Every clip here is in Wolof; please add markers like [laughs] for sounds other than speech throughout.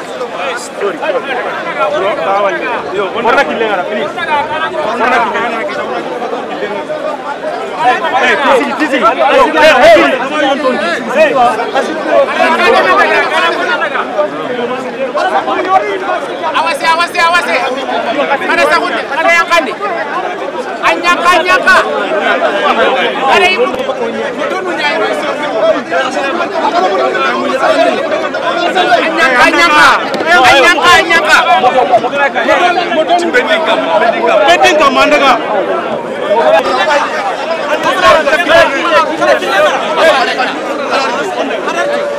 Hey, Awasi, awasi, awasi. Ada sekundi, ada yang kandi. anjaka anjaka Ada ibu. anjaka anyaka. Anyaka,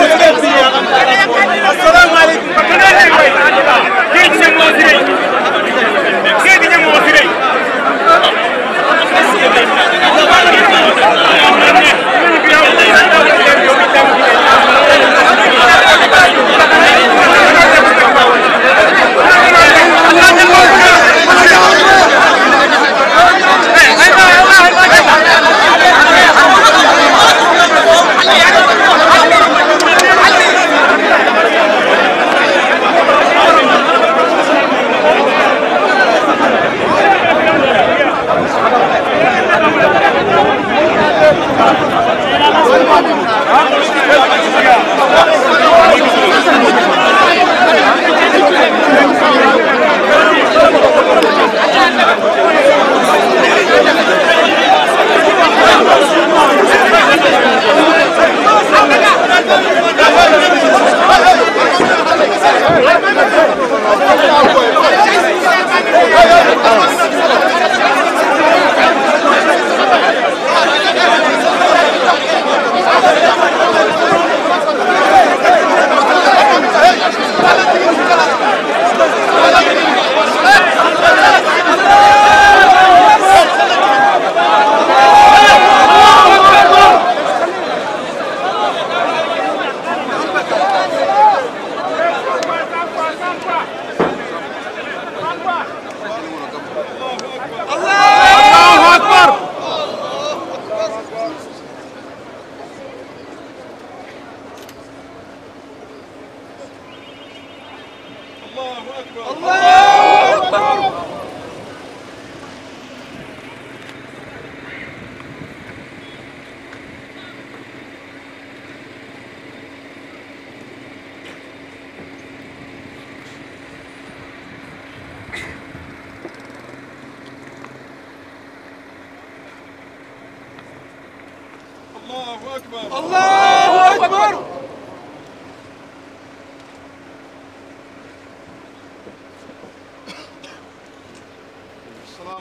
Assalamu alaikum.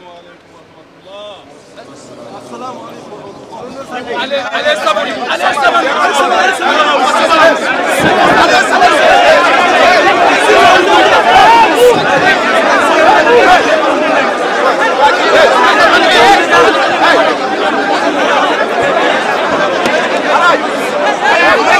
السلام عليكم ورحمة الله السلام عليكم عليه عليه الصبري عليه عليه الصبري عليه Hey!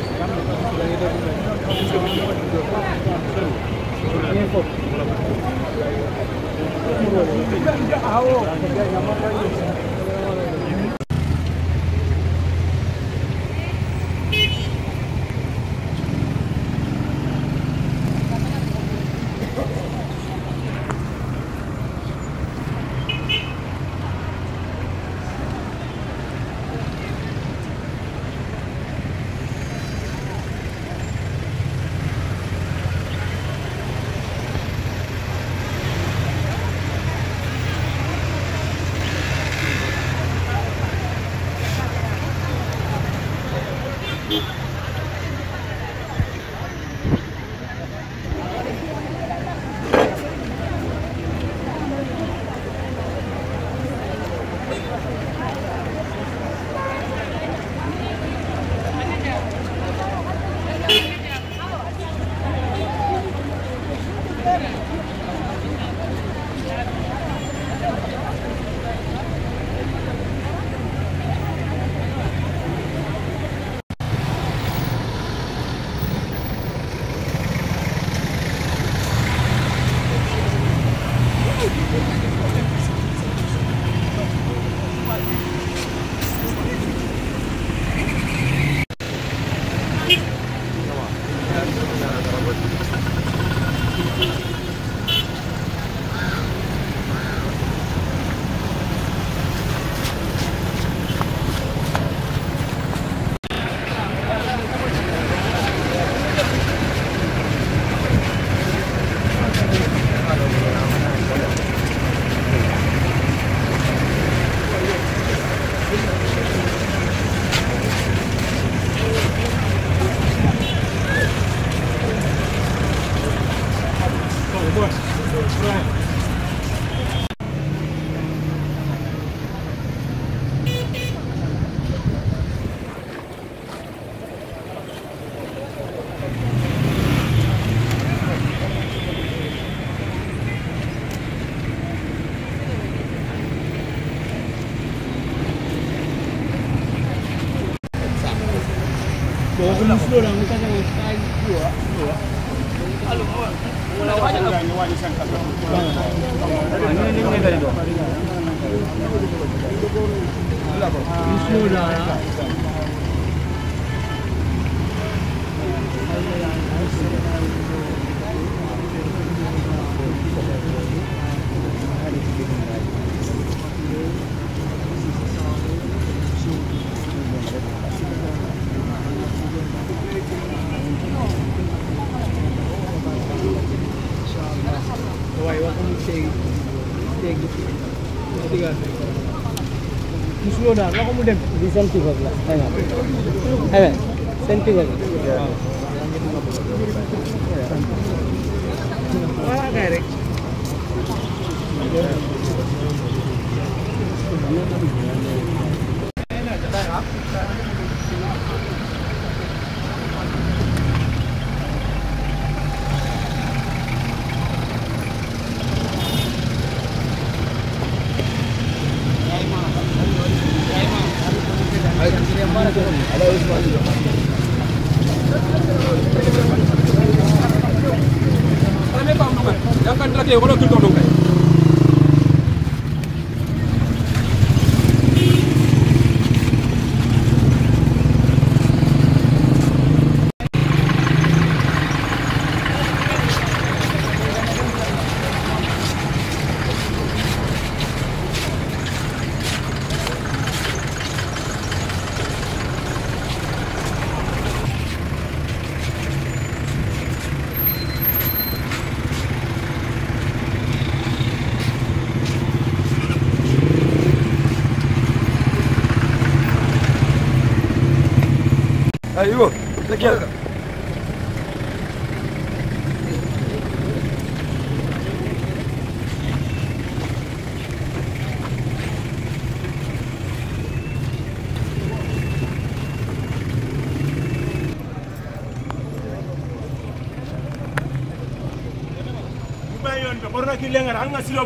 t h a n i y o Ôi giời ơi. Wait, what? Let me see. Let me see. Muslim dah, kamu dem. lah. Eh, kerek? todo no nunca. bayon be borna ki lengar anga silo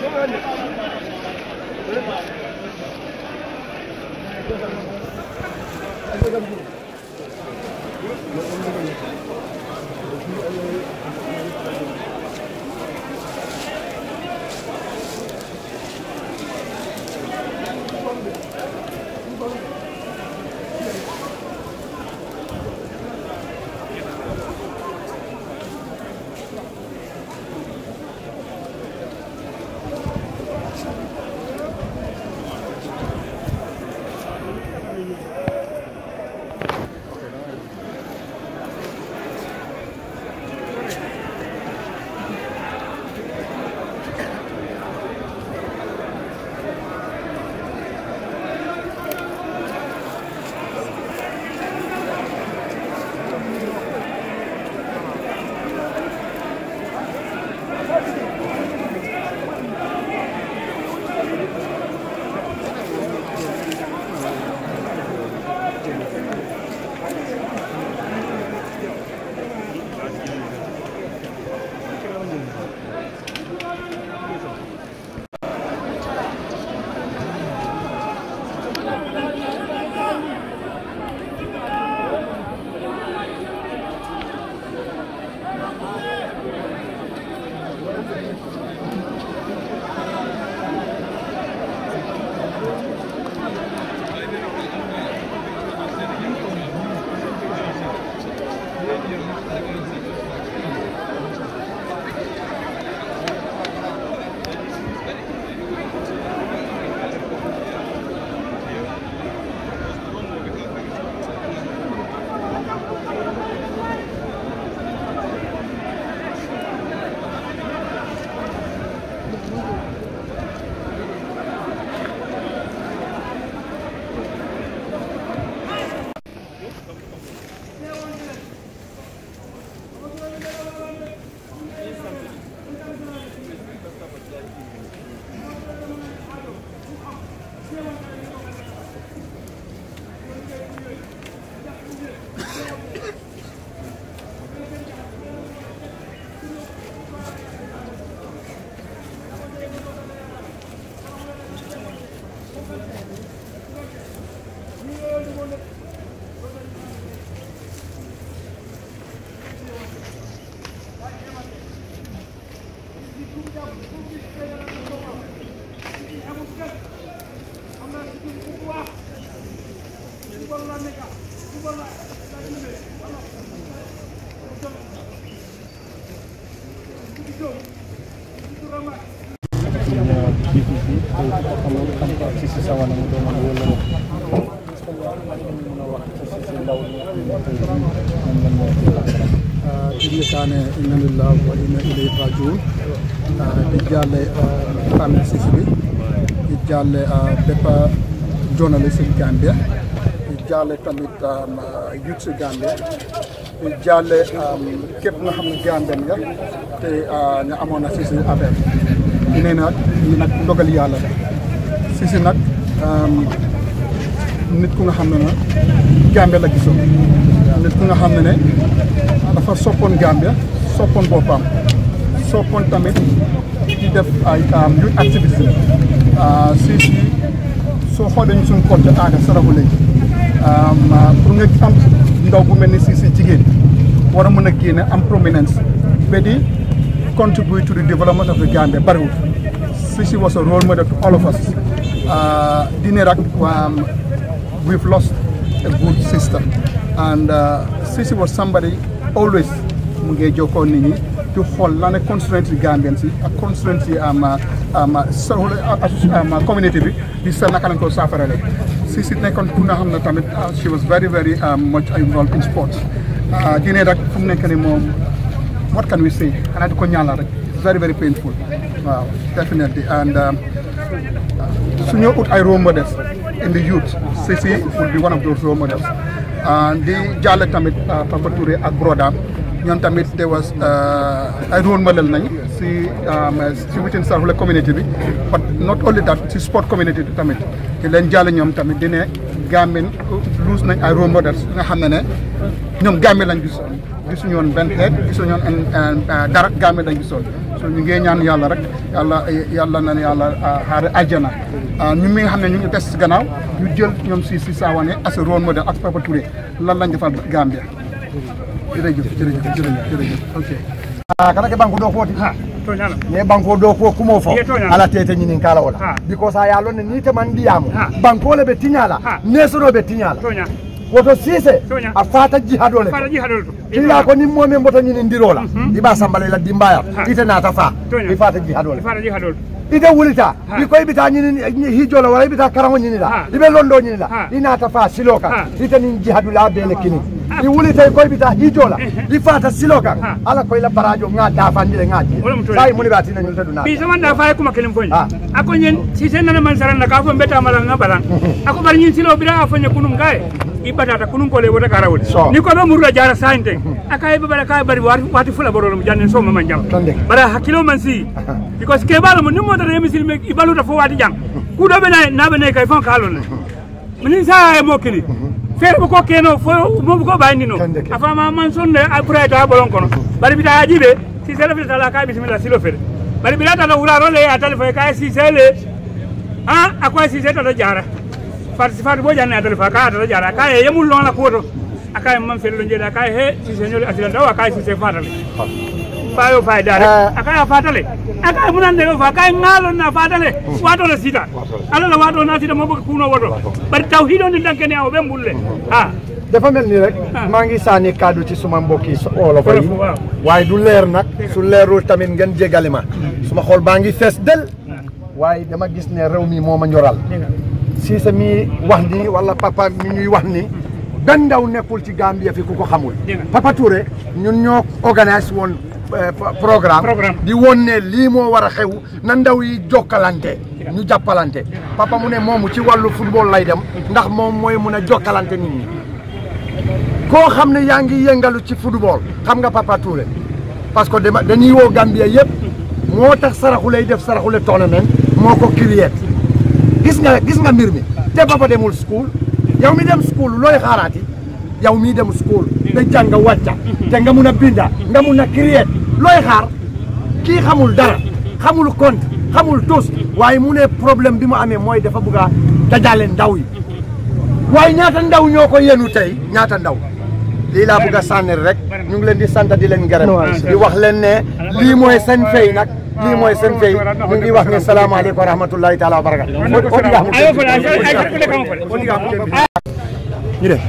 Thank you. ɗiɗi uh, tane innanillah wa inna ileyhi rajiun uh, ijjalle uh, famille sisiɓe ijjalle beppa journaliste gambia ijjalle tamit um, youth gambia ijjalle um, képp nga xam ne gamben nga te ñu amoon na sisi affaire ñu ne nag ñi nag ndogal yàlla la sisi nag um, nit ku nga xam ne na Gambia la gisoon nit ku nga xam ne ne dafa soppoon Gambia soppoon boppam soppoon tamit di def ay ñuy um, activité ah, si si soo xoolee ñu suñ côté aada saraxu léegi um, ah, pour nga am ndaw bu mel ni si si jigéen war a mën a génne am prominence ba di contribute to the development of the Gambia bariwul si si was a role model to all of us ah, di ne um, we've lost a good sister and uh, Sisi was somebody always mu ngee jokkoo nit ñi di xool lan la constituency Gambian si ak constituency am am am community bi di sa naka lañ ko saafarale Sisi nekkoon ku nga xam na tamit uh, she was very very uh, much involved in sports di ne rek fu mu nekk ni moom what can we say xanaa ko ñaanal rek very very painful waaw definitely and um, su ñoo ut ay role models in the youth Cissy would be one of those role models di jàll tamit uh, Papa Touré ak Broda ñoom tamit there was uh, ay role model nañ si um, si within Saarule community bi but not only that si sport community bi tamit di leen jàll ñoom tamit di ne Gambien uh, lose nañ ay role models nga xam ne ne ñoom Gambien lañ gisoon gisuñu woon benn xeet gisuñu woon dara Gambien lañ gisoon so ñu ngee ñaan yàlla rek yàlla yàlla na yàlla ah, xaare àjjana ah, ñu mi nga xam ne ñu ngi des si gannaaw ñu jël ñoom si si saawane as a rôle modèle ak Papa Touré lan lañ defal Gambia jërëjëf jërëjëf jërëjëf jërëjëf ok ah, kana ke banque ɗo footi mais banque o ɗo ko kumo fo ala tete ñinin kala ola because a yalonne ni teman ndiyamo banque ole ɓe tiñala nesoɗo ɓe woto sise afata jihadole kila ko ni momi mboto nyini ndirola mhm. iba sambale la dimbaya ite na tafa ifata jihadole ite wulita iko ibita nyini hijola wala eh. bita karango ni la ibe londo ni la ina tafa siloka ite ni jihadula bele kini iwulita iko ibita hijola fata siloka ala koy la barajo nga dafa ndile ngaji sai muni batina nyulta duna bi zaman dafa kuma kelimfoni ako nyen sise nana mansaran ka kafo mbeta na balan [laughs] ako bar nyin silo bira afonye kunum gae ibatata kunum kole wota karawol ni ko be murula jara sante akay be bala kay bari wati wati fula borolo mu janne so mama jam bara hakilo man si because ke bala mo nimo dara misil me ibaluta fo wati jam ku do be na na be ne kay fon kalon min sa ay mokini fer ko keno fo mo ko bayndino afa ma man sonne après ta bolon kono bari bita ajibe si sele fe tala kay bismillah silo fer bari bila tala wura role atale fo kay e si sele ha akoy e si sele tala jara participate bo janne adal fa ka adal jara ka e yamul lon la koto akay mam fel lo jeda kay he ci señol asilan dawa kay ci se fatal ah. fa yo fa dare akay fatal akay munan de fa kay ngalo na fatal wato la sita ala la wato na sita mo bëgg kuno wato bar tawhido ni danke ne aw be mbulle ha dafa mel ni rek ah. maa ngi sànni kaddu ci suma mbokk yi olof yi waaye du leer nag su leerul tamit ngeen jégali suma xol baa ngi fees del ah. waaye dama gis ne réew mi moo ma Cissé mi wax ni wala papa mi ñuy wax ni benn ndaw nekkul ci Gambia fi ku ko xamul Papa Touré ñun ñoo organise woon eh, programme di woon ne lii moo war a xew na ndaw yi jokkalante ñu jàppalante papa mu ne moomu ci wàllu football lay dem ndax moom mooy mun a jokkalante nit ñi koo xam ne yaa ngi yëngalu ci football xam nga Papa Touré parce que dañuy woo Gambia yëpp moo tax saraxu lay def saraxu le tournament moo ko créé gis nga gis nga mbir mi te papa demul school yow mi dem school looy xaaraati yow mi dem school da jàng wàcca te nga mun a binda nga mun a créer looy xaar kii xamul dara xamul compte xamul tus waaye mu ne problème bi mu amee mooy dafa bëgg a dajale ndaw yi waaye ñaata ndaw ñoo ko yenu tey ñaata ndaw lii laa bëgg a rek ñu ngi leen di sant di leen gërëm di wax leen ne lii mooy seen fay nag lii mooy seen tey ñu ngi wax ne salaamaaleykum wa rahmatullahi taala wa barakatu ñu def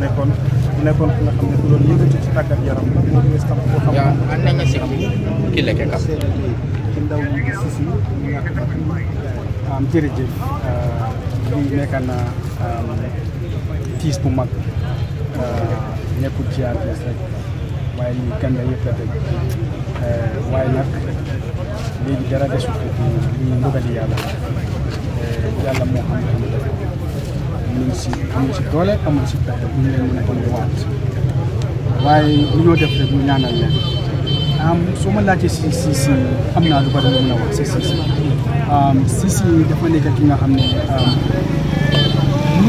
nekkoon nekkoon nga xam ne ku doon yëngatu ci tàggat yaram ndaw ñi di waaye ñu gànda yëpp la teg euh, waaye nag léegi dara desul ko ci ñu mbugali yàlla euh, yàlla moo xam ne def ñun si amul si doole amul si bu ñu leen mën waaye lu ñoo def rek ñu ñaanal leen am soo ma laajee si si si am naa lu bari lu mën a wax si dafa nekk ki nga xam ne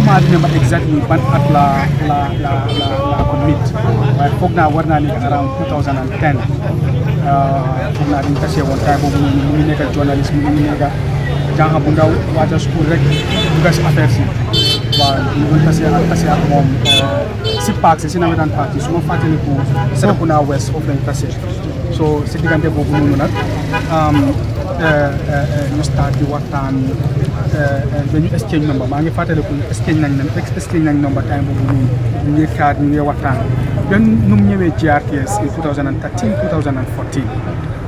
pas remember exactly ban at la la la la, la commit waaye foog naa war naa nekk around 2010 foog naa dañ tasee woon taay boobu noonu mu ngi nekk journaliste mu ngi nekk jàng bu school rek dugal si affaire si waaw ñu ngi tasee ak tasee ak moom si paak si si nawetaan paak si su ma fàttaliku West foofu lañ tasee so si diggante boobu noonu nag ñu um, uh, uh, uh, start di Euh, dañu exchange number maa ngi fàttaliku exchange nañ leen exchange nañ number time boobu nii ñu ngi kaat ñu ngi waxtaan benn nu mu ñëwee GRTS in 2013 2014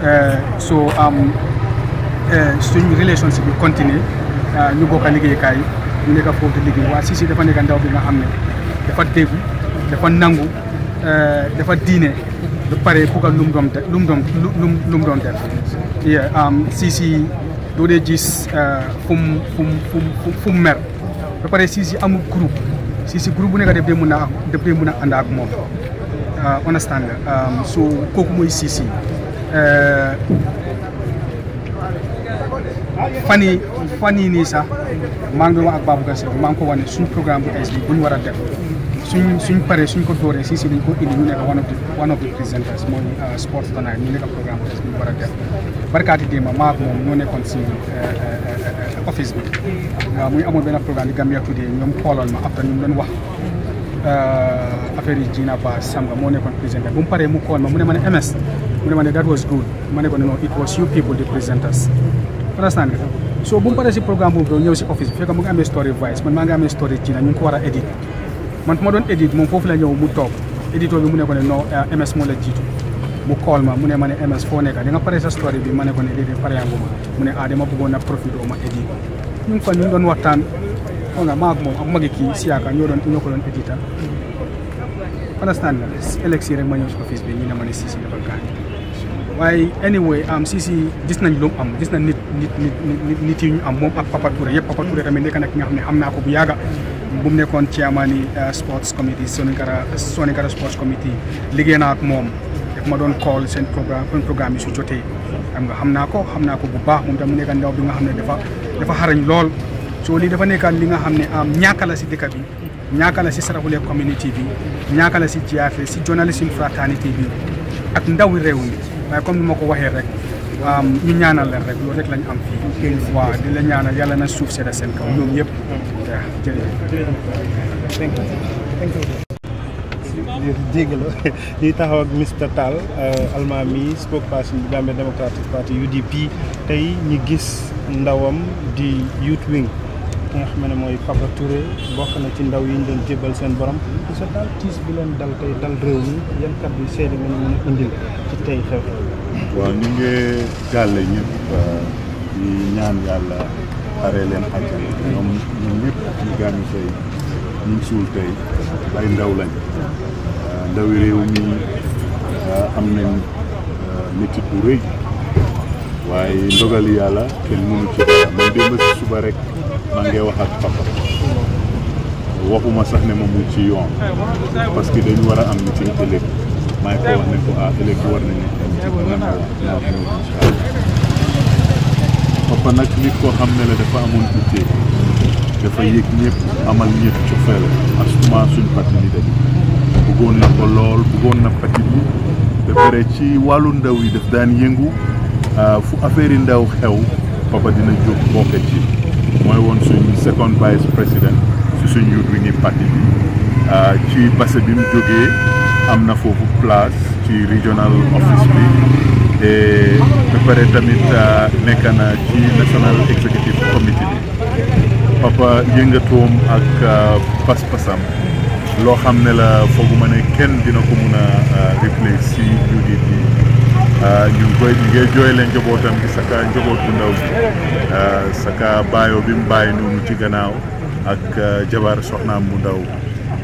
euh, so um, euh, suñ suñu relationship bi continue ñu bokk liggéey liggéeykaay ñu nekk foofu di liggéey waa Ceesay dafa nekk ndaw bi nga xam ne dafa déggu dafa nangu dafa diine ba pare bugg a lu mu doon def lu mu doon lu mu doon def um, Ceesay doo dee gis euh, fu mu fu mu mer ba pare si si amul groupe si si bu nekk daf dee mën a daf dee mën a ànd ak moom euh, understand nga euh, so kooku mooy si si fan yii fan yii nii sax maa ngi doon wax ak Babou Gassé maa ngi ko suñu programme bu es bi bu ñu war a def suñ paree suñ ko dóoree si si dañ ko indi ñu nekk one of the one of the presenters mooy eh, sports tonight ñu nekk programme bi ñu war a def barkaati démba maa ak moom ñoo nekkoon si eh, eh, office bi muy amoon benn programme di Gambia Today ñoom xoolal ma après ñu doon wax affaire yi Gina Ba Samba moo nekkoon presenter bu mu paree mu xool ma mu ne ma ne MS mu ne ma ne that was good ma ne ko non it was you people the presenters understand nga so bu mu paree si programme boobu ñëw si office bi fekk mu ngi story voice man story Gina ñu edit man fu ma doon édite moom foofu la ñëw mu toog édito bi mu ne ko ne non euh, MS moo la jiitu mu call ma mu ne ma ne MS foo nekk da nga pare sa story bi ma ne ko ne déedéet ah, a ma édite ñu ngi fa doon waxtaan xam nga maa ak moom ak magi kii siyaaka ñoo doon ñoo ko doon édita understand nga élex yi rek ma ñëw si office bi ñu ne ma ne Ceesay dafa gaañ waaye anyway am gis nañ lu am gis nañ nit nit nit nit yi ñu am moom ak Papa Touré yëpp xam ne xam naa ko bu yàgga bu mu nekkoon chairman yi uh, sports committee Sonikara Sonikara sports committee liggéey naa ak moom ma doon call seen programme programme yi su jotee xam nga xam naa ko xam naa ko bu baax moom tam mu nekk bi nga xam ne dafa dafa xarañ lool soo lii dafa nekkaan li nga xam ne am um, ñàkk la si dëkk bi ñaaka la si Saraxule community bi ñaaka la si jaafe si journalism fraternity bi ak ndawi réew mi waaye comme ni ma ko waxee rek ñu ñaanal leen rek loolu rek di la ñaanal na suuf sedda seen kaw ñoom yëpp. waaw jërëjëf. dégg la [laughs] ñuy taxaw ak Mr Tall euh, almaami spokesperson bu Gambia Democratic Party UDP tey ñi gis ndawam di youth wing ki ne mooy Papa Touré bokk na ci ndaw yi ñu doon jébal seen borom Mr Tall tiis bi leen dal tey dal réew mi yan kàddu seede nga ñu mën indil ci tey xew waaw ñu nga jàlle ñëpp di ñaan yàlla xare leen àjjana ñoom ñoom ñëpp ñu gaañu tey ñu suul tey ay ndaw lañ ndawi réew mi am nañ métit bu rëy waaye ndogal yàlla kenn mënu ci dara man démb si suba rek maa ngi wax ak papa waxuma sax ne ma mu ci yoon parce que dañu war a am meeting ëllëg maa ngi ko ne ko ah ëllëg war nañu papa nag nit koo xam ne la dafa amoon tuuti dafa yëg ñëpp amal ñëpp cofeel asuma suñ paternité bi bëggoon na ko lool bëggoon na patit bi ba pare ci wàllu ndaw yi daf daan yëngu ah, fu affaire yi ndaw xew papa dina jóg bokk ci mooy woon suñ second vice président si suñ youth winning party bi ah, ci base bi mu jógee am na foofu place ci regional office bi et eh, préparer tamit nek na ci national executive committee bi papa yëngatoom ak pas-pasam Lo xamne la fogu mané kenn dina ko mëna eh, replace si UDP ñu koy eh, ñu ngi jooy leen bi saka njaboot bu ndaw bi saka bayo bi mu bàyyi noonu ci gannaaw ak jabar soxnaam bu ndaw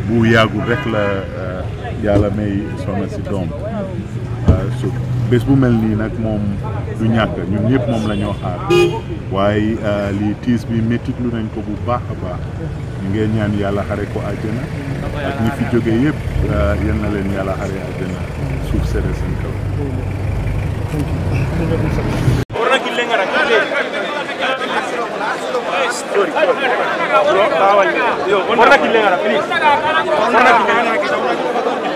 bu yagu rek la yalla may soxna si doom so bes bu melni nak mom du ñak ñun ñepp mom la ñoo xaar waaye euh, li tis bi metti lu nañ ko bu baax a baax ñu ngeen ñaan yalla xare ko aljana ak ñi fi jóge yëpp euh, yeen na leen yalla xare aljana suuf sere seen kaw Warna kilengara, please. Warna kilengara.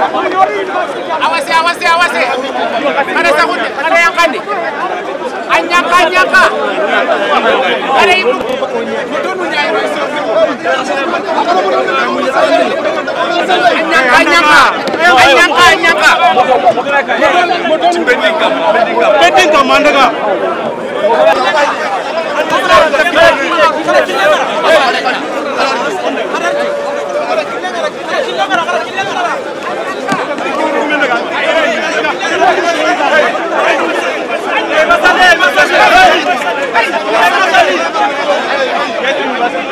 Awasi, ya, awasi, ya, awasi. Ada ya. sahut, ada yang kandi. anjaka anjaka Ada ibu. anjaka anyaka. Anyaka, anyaka. Bendingkam, bendingkam.